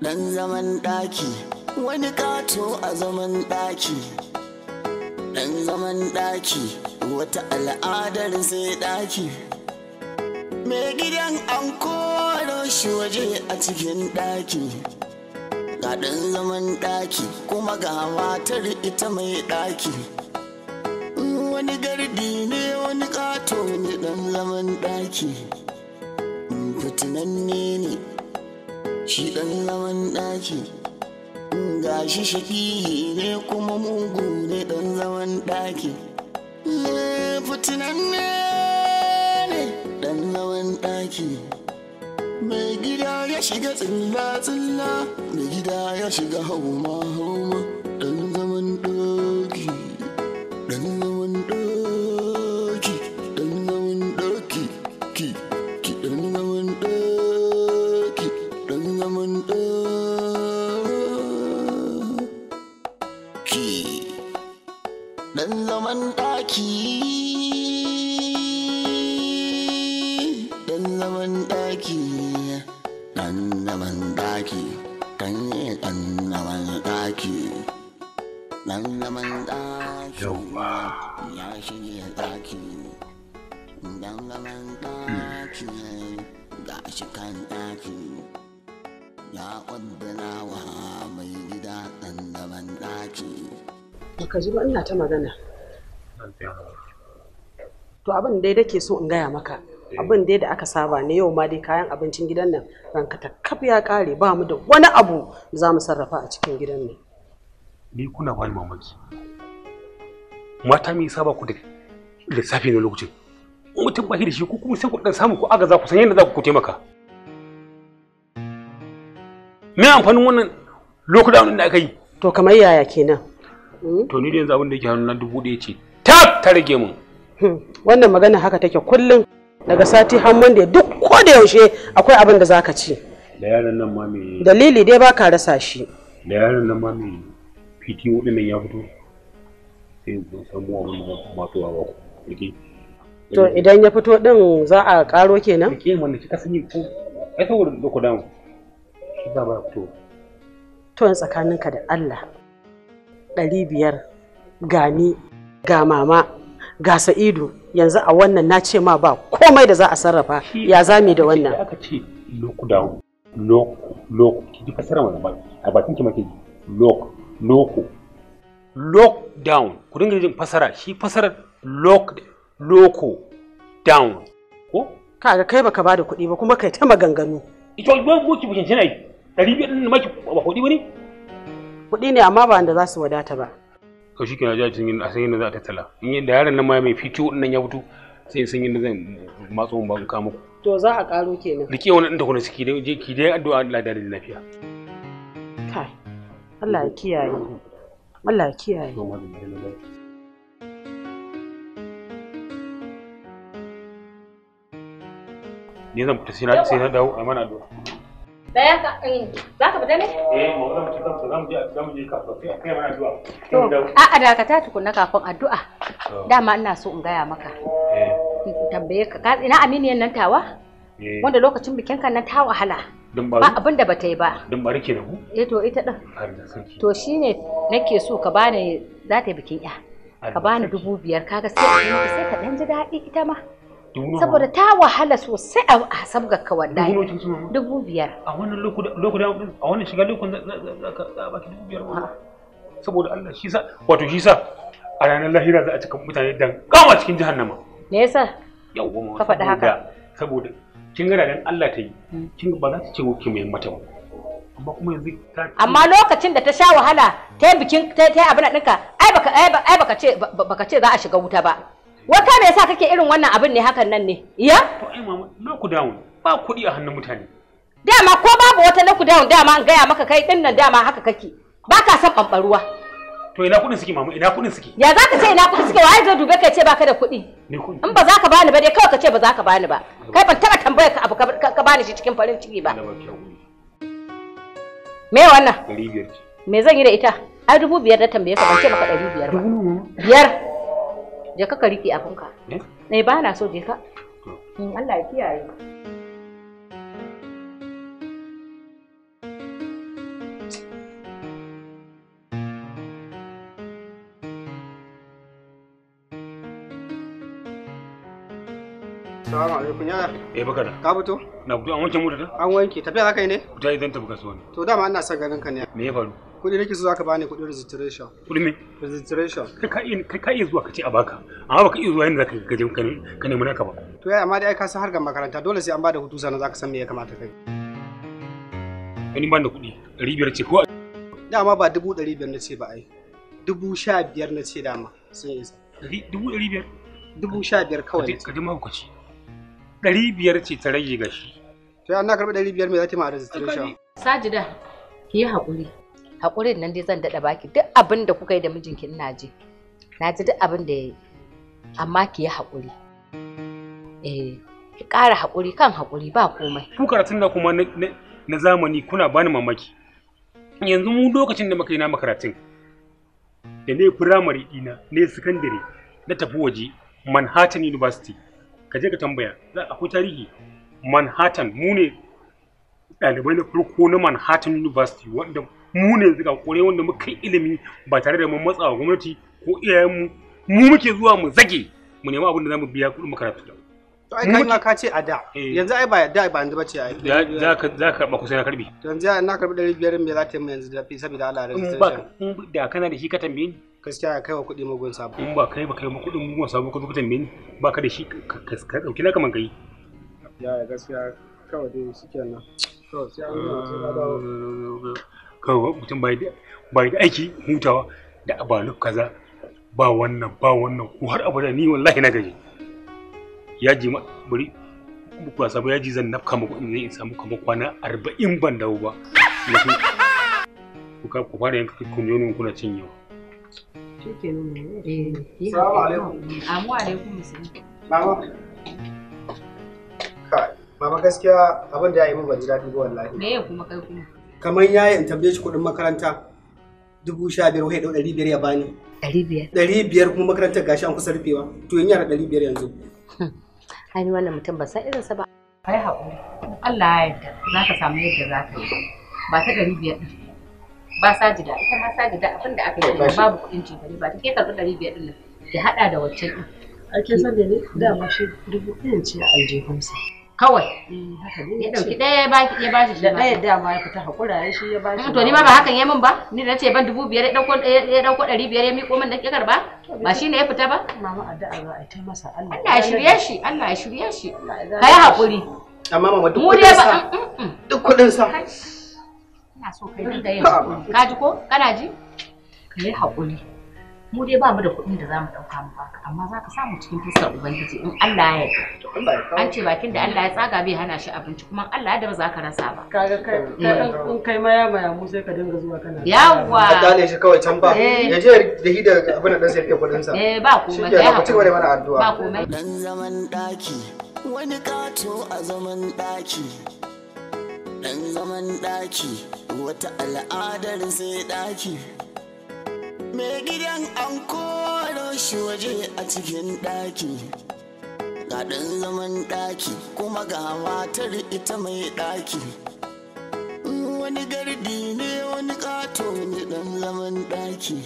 Dan zaman ɗaki wani ƙato a zaman ɗaki. Dan zaman ɗaki wata al'adar sai ɗaki. Mai gidan an koro shi waje a cikin ɗaki. Ga ɗan zaman ɗaki kuma ga matar ita mai ɗaki. Wani gardi ne wani ƙato ne ɗan zaman ɗaki. Fitinanne ne. shi ɗan zaman ɗaki gashi shafihi ne kuma mugu ne ɗan zaman ɗaki fitinan ne ne ɗan zaman ɗaki mai gida ya shiga tsilla-tsilla mai gida ya shiga hauma-hauma dan zaman ɗaki ya shirya ɗaki dan zaman ɗaki ga shi kan ɗaki ya ƙwaddana wa mai gida zaman ɗaki ka ji ba ina ta magana to abin dai ke so in gaya maka eh. abin dai da aka saba ne yau ma dai kayan abincin gidan nan ranka ta kaf ya ƙare ba mu da wani abu za mu sarrafa a cikin gidan nan ni kuna bani mamaki mata me yasa ba ku da lissafi na lokacin mutum ba shi da shi ku kuma sai ku dan samu ku aga za ku san yadda za ku taimaka me amfanin wannan lokutan da aka yi to kamar yaya kenan hmm? to ni da yanzu abin da yake hannu na dubu ɗaya ce Ta ta rage mun hmm. wannan magana haka take kullum daga sati har monday duk ko da yaushe akwai abin da zaka ci da yaran nan ma dalili dai baka rasa shi da yaran nan ma fiti din nan ya fito sai mun samu abin wani mato a ba ku to idan ya fito din za a karo kenan ke mun kika sani ko ai saboda da ku damu shi ba ba fito to tsakaninka da Allah ɗari biyar gani ga mama ga sa'idu yanzu a wannan na ce ma ba komai da za a sarrafa ya zame da wannan aka ce lockdown lock lock ki fasara mana ba a bakin ki make lock loko lockdown ku dinga jin fasara shi fasarar lock loko down ko kaga kai baka bada kuɗi ba kuma kai ta maganganu ito ba ku ci bukin shinai dari biyar din maki ba kuɗi bane kuɗi ne amma ba wanda za su wadata ba ka shi kenan jaji sun a sanyin da za a tattala in da yaron nan ma mai fito nan ya fito sai sun da zan matso in ka muku to za a karo kenan rike wani ɗan da kuna ciki ki dai addu'a Allah da lafiya Allah ya kiyaye Allah ya kiyaye ni zan fita sai na sai na dawo a mana addu'a da ya ka eh, za ka fita ne eh mu zan tafi kafin mu je mu je kasuwa sai kai mana addu'a a a dakata na kafin addu'a dama ina so in gaya maka eh tambaye ka ina aminiyan nan tawa eh. wanda lokacin bikin kan nan ta wahala ba abin da bata yi ba din bari ke da ku eh to ita din to ne nake so ka bani za ta yi bikin ya ka bani dubu biyar kaga sai sai ka dan ji daɗi ita ma saboda ta wahala sosai a sabgar ka yi dubu biyar a wannan lokuta a wannan shiga lokutan za ka baki dubu biyar saboda Allah shi sa wato shi sa a ranar lahira za a cika mutane dan kama cikin jahannama me yasa ka faɗi haka saboda kin ga dan Allah ta yi hmm. kin ba za ta ce wuki mai mata ba amma kuma yanzu ta amma lokacin da ta sha wahala ta bikin ta ta abin ɗinka ai baka ai baka ce baka ce za a shiga wuta ba wata me yasa kake irin wannan abin ne hakan nan ne iya to ai mama na ku down ba kuɗi a hannun mutane dama ko babu wata na ku down dama an gaya maka kai din nan dama haka kake baka son ɓamɓaruwa. to ina kuɗin suke mamu ina kuɗin suke ya zaka ce ina kuɗin suke wai zai dube kai ce baka da kuɗi in ba za ka bani ba dai kawai ka ce ba za ka bani ba kai ban taba tambaya ka abu ka bani shi cikin farin ciki ba me wannan me zan yi da ita ai dubu biyar da tambaye ka ban ce maka ɗari biyar ba biyar je ka ka riƙe abinka ne eh? eh, ba na so je ka mm, Allah ya kiyaye Assalamu alaikum yaya. Eh bakara. Ka fito? Na fito an wanke mota An wanke. Tafiya za ka yi ne? Fita idan tafi kasuwa ne. To dama ina son ganin ka ne. Me ya faru? Kuɗi nake so za ka bani kuɗin registration. Kuɗi me? Registration. Kai ka iya zuwa ka ce a baka. Amma baka iya zuwa yadda zaka gaje ka nemi naka ba. To yaya amma dai ai ka san har harkar makaranta dole sai an bada hutu sannan za ka san me ya kamata kai. Ganin ban da kuɗi. Ɗari biyar ce ko a. Dama ba dubu ɗari biyar na ce ba ai. Dubu sha biyar na ce dama sun isa. Dubu ɗari biyar? Dubu sha biyar kawai. Ka ji mahaukaci. ɗari biyar ce ta rage ga shi. To an na karɓi ɗari biyar me za ta ma registration? Sajida ki yi haƙuri. Haƙurin nan dai zan daɗa baki duk abin da kuka yi da mijinki ina ji. Na ji duk abin da ya yi. Amma ki yi haƙuri. Eh ki ƙara haƙuri kan haƙuri ba komai. Ku karatun da kuma na zamani kuna bani mamaki. Yanzu mu lokacin da muka yi na makaratun da ne firamare ɗina ne sakandare na tafi waje Manhattan University. ka je ka tambaya za akwai tarihi manhattan mu ne ɗalibai na farko na manhattan university wanda mu ne zuga kore wanda muka ilimi ba tare da mun matsa wa gwamnati ko iyayenmu mu muke zuwa mu zage mu nemi abin da mu biya kuɗin makarantu da to ai kai ka ce a da eh. yanzu ai ba da ba yanzu bace ai za ka za ka ba kusa na karbi yanzu na karbi 500 me za ta yi yanzu da fi saboda Allah ya da kana da shi ka tambaye ni gaskiya ya kaiwa kuɗi mugun sabo in ba kai ba kai ma kuɗin mugun sabo ka zo mini ba ka da shi ka ɗauki na kaman kai ya ya gaskiya kawai dai shi kenan kawai sai an zo ah, kawai mutum bai da aiki hutawa da abalu kaza ba wannan ba wannan ko har abada ni wallahi na gaji ji ma bari ba sabo ji zan nafka muku in in samu kamar kwana 40 ban dawo ba ku ka ku fara yanka kun yonin kuna cinyewa shikenan ne eh, eh assalamu gaskiya abin da ya yi min ban ji daɗi ba wallahi me kuma kai kuma kamar in tambaye shi kuɗin makaranta dubu sha biyar wai ɗau ɗari biyar ya bani ɗari biyar ɗari biyar kuma makarantar gashi an kusa rufewa to yin yara ɗari biyar yanzu hmm. ai wannan mutum ba san irin sa ba haƙuri Allah ya yarda za ka samu yadda za ka yi ba ta ɗari biyar ɗin ba sa sajida ita ma sajida abin da aka yi babu kuɗin cefane ba ta ke karɓi ɗari biyar ɗin ya haɗa da waccan ɗin. Ake san da ne dama shi dubu ɗayan ce a aljihunsa. Kawai. Eh, ya ɗauki ɗaya ya ba ya ba shi da ɗaya ma ya fita haƙura ya shi ya ba shi. Mm, to ni ma ba hakan ya min ba ni da ce ban dubu biyar ya ɗauko ya ɗauko ɗari biyar ya miƙo min da ke karɓa ba shi ne ya fita ba. Mama addu'a za a yi ta masa Allah. ya shirye shi Allah ya shirye shi. Ka yi haƙuri. Amma mama duk kuɗin sa. Mm, mm, duk kuɗin sa. ina so ka dinga yin ka ji ko kana ji ka yi hakuri, mu dai ba mu da kuɗin da za mu ɗauka mu baka amma za ka samu cikin fuskar ubangiji in Allah ya yarda an ce bakin da Allah ya tsaga bai hana shi abinci kuma Allah ya da ba za ka rasa ba kaga kai mm. in kai ma ya maya mu sai ka dinga zuwa kana yawa a dale shi kawai can ba eh. ya je da hida abin da sai ya kuɗin sa eh ba komai kai ha gaba da mana addu'a ba komai dan zaman daki wani kato a zaman daki ɗan zaman ɗaki wata al'adar sai ɗaki Me gidan an koro shi waje a cikin ɗaki ga ɗan zaman ɗaki kuma ga matar ita mai ɗaki wani gardi ne wani ƙato ne ɗan zaman ɗaki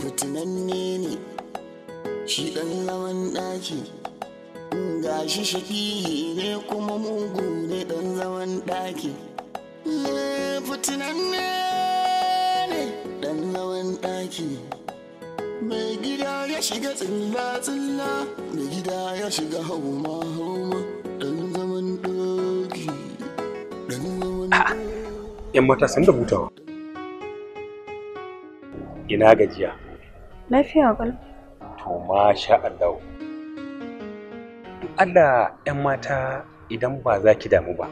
fitinanne ne shi ɗan zaman ɗaki shi shaƙi ne kuma mugu ne ɗan zaman ɗaki fitinan ne ne ɗan zaman ɗaki mai gida ya shiga tsilla-tsilla mai gida ya shiga hauma-hauma ɗan zaman daki dan zaman daki yan mata sun da hutawa ina gajiya lafiya ƙwal to masha Allah Allah 'yan mata idan ba za ki damu ba.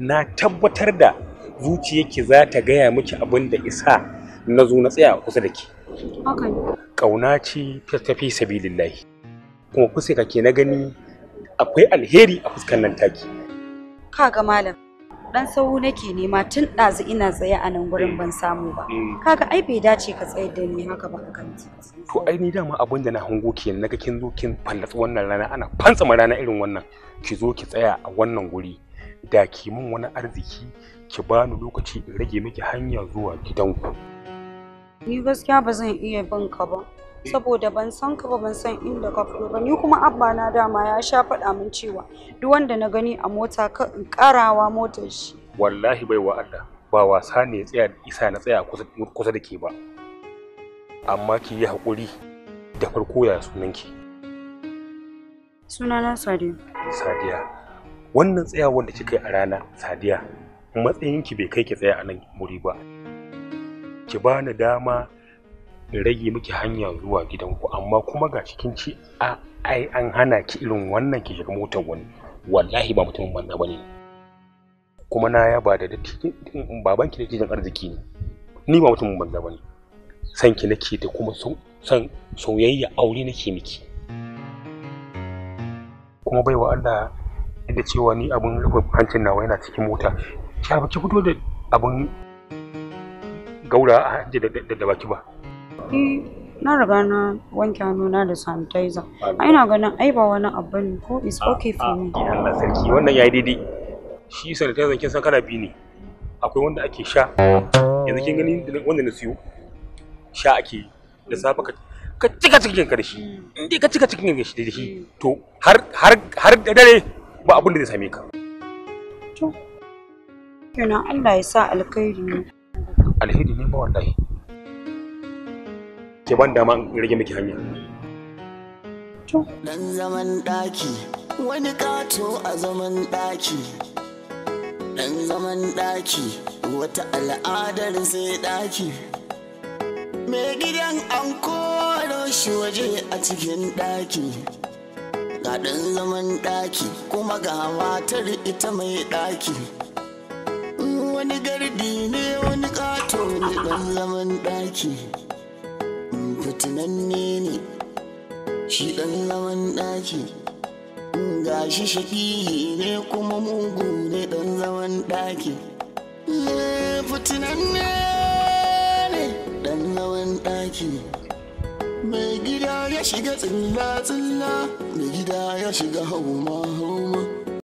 Na tabbatar da zuciyarki za ta gaya miki abin da isa na zo na tsaya kusa da ki. Ƙauna ce tafi sabilillahi. Kuma kusa ka ke na gani akwai alheri a fuskan nan taki. ga malam. dan sau nake nema tun ɗazu ina tsaye a nan gurin ban samu ba kaga ai bai dace ka tsayar da ni haka ba akan to ai ni dama abin da na hango ke naga kin zo kin fallatsa wannan rana ana fantsama rana irin wannan ki zo ki tsaya a wannan guri da ki mun wani arziki ki bani lokaci in rage miki hanya zuwa gidanku ni gaskiya ba zan iya bin ka ba Eh. saboda ban san ka ba ban san inda ka fito ba ni kuma abba na dama ya sha faɗa min cewa duk wanda na gani a mota ka in karawa motar shi wallahi bai wa Allah ba wasa ne tsaya isa na tsaya kusa da ke ba amma ki yi haƙuri da farko ya sunanki sunana sadiya sadiya wannan tsayawar da kika yi a rana sadiya matsayinki bai kai ki tsaya a nan wuri ba ki bani dama in rage miki hanya zuwa gidanku amma kuma ga cikin ci a ai an hana ki irin wannan ki shiga motar wani wallahi ba mutumin banza bane kuma na ya ba da baban ki da cikin arziki ne ni ba mutumin banza bane san ki nake da kuma son soyayya aure nake miki kuma bai wa Allah da cewa ni abun rufe hancin nawa yana cikin mota ya baki fito da abun gaura a hanci da baki ba eh na riga na wanke hannuna da sanitizer a na ganin ai ba wani abu ne ko is ah, okay for ah, me ah, Allah sarki wannan yayi daidai shi sanitizer kin san kana bi ne akwai wanda ake sha yanzu kin gani wanda na siyo sha ake da safa ka ka cika cikin ka da shi hmm. in dai ka cika cikin ka da shi to har har har da dare ba abin da zai same ka to kenan Allah ya sa alkhairi ne alheri ne ba wallahi ke ban dama in rage miki hanya dan zaman daki wani kato a zaman daki dan zaman daki wata al'adar sai daki mai gidan an koro shi waje a cikin daki ga dan zaman daki kuma ga matar ita mai daki wani gardi ne wani kato ne dan zaman daki fitinanne ne shi ɗan zaman ɗaki gashi shafihi ne kuma mugu ne ɗan zaman ɗaki fitinanne ne ɗan zaman ɗaki mai gida ya shiga tsilla-tsilla mai gida ya shiga hauma-hauma